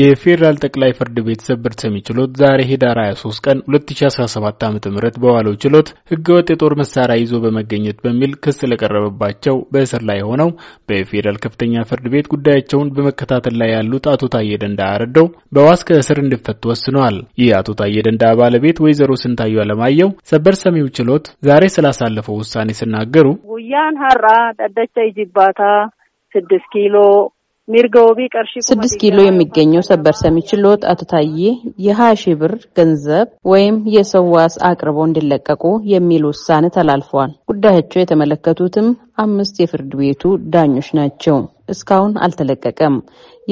የፌዴራል ጠቅላይ ፍርድ ቤት ሰበር ሰሚ ችሎት ዛሬ ኅዳር 23 ቀን 2017 ዓ.ም በዋለው ችሎት ህገወጥ የጦር መሳሪያ ይዞ በመገኘት በሚል ክስ ለቀረበባቸው በእስር ላይ ሆነው በፌዴራል ከፍተኛ ፍርድ ቤት ጉዳያቸውን በመከታተል ላይ ያሉት አቶ ታዬ ደንዳ አረደው በዋስ ከእስር እንዲፈቱ ወስነዋል። ይህ አቶ ታዬ ደንዳ ባለቤት ወይዘሮ ስንታዩ አለማየው ሰበር ሰሚው ችሎት ዛሬ ስላሳለፈው ውሳኔ ሲናገሩ ጉያን ሀራ ጠደቻ ይጅባታ ስድስት ኪሎ ስድስት ኪሎ የሚገኘው ሰበር ሰሚ ችሎት አቶ ታዬ የሀያ ሺህ ብር ገንዘብ ወይም የሰው ዋስ አቅርበው እንዲለቀቁ የሚል ውሳኔ ተላልፈዋል። ጉዳያቸው የተመለከቱትም አምስት የፍርድ ቤቱ ዳኞች ናቸው። እስካሁን አልተለቀቀም።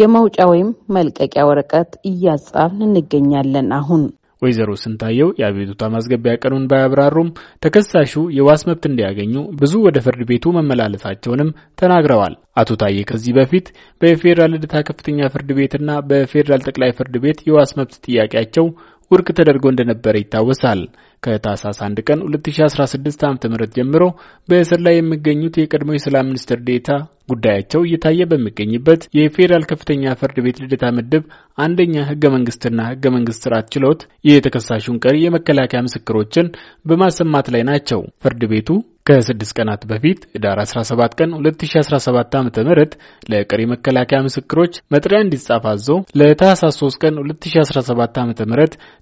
የመውጫ ወይም መልቀቂያ ወረቀት እያጻፍን እንገኛለን አሁን ወይዘሮ ስንታየው የአቤቱታ ማስገቢያ ቀኑን ባያብራሩም ተከሳሹ የዋስ መብት እንዲያገኙ ብዙ ወደ ፍርድ ቤቱ መመላለሳቸውንም ተናግረዋል። አቶ ታዬ ከዚህ በፊት በፌዴራል ልደታ ከፍተኛ ፍርድ ቤትና በፌዴራል ጠቅላይ ፍርድ ቤት የዋስ መብት ጥያቄያቸው ውድቅ ተደርጎ እንደነበረ ይታወሳል። ከታህሳስ 1 ቀን 2016 ዓ.ም ጀምሮ በእስር ላይ የሚገኙት የቀድሞ የሰላም ሚኒስትር ዴታ ጉዳያቸው እየታየ በሚገኝበት የፌዴራል ከፍተኛ ፍርድ ቤት ልደታ ምድብ አንደኛ ህገ መንግስትና ህገ መንግስት ስርዓት ችሎት የተከሳሹን ቀሪ የመከላከያ ምስክሮችን በማሰማት ላይ ናቸው። ፍርድ ቤቱ ከስድስት ቀናት በፊት ህዳር 17 ቀን 2017 ም ለቀሪ መከላከያ ምስክሮች መጥሪያ እንዲጻፍ አዞ ለታህሳስ 3 ቀን 2017 ዓ.ም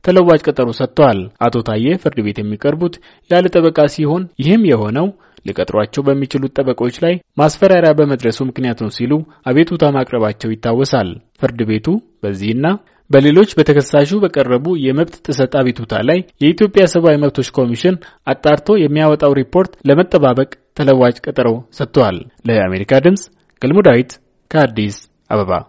ተለዋጭ ቀጠሮ ሰጥተዋል። አቶ ታዬ ፍርድ ቤት የሚቀርቡት ያለ ጠበቃ ሲሆን ይህም የሆነው ሊቀጥሯቸው በሚችሉት ጠበቆች ላይ ማስፈራሪያ በመድረሱ ምክንያት ነው ሲሉ አቤቱታ ማቅረባቸው ይታወሳል። ፍርድ ቤቱ በዚህና በሌሎች በተከሳሹ በቀረቡ የመብት ጥሰት አቤቱታ ላይ የኢትዮጵያ ሰብአዊ መብቶች ኮሚሽን አጣርቶ የሚያወጣው ሪፖርት ለመጠባበቅ ተለዋጭ ቀጠሮ ሰጥቷል። ለአሜሪካ ድምፅ ገልሞ ዳዊት ከአዲስ አበባ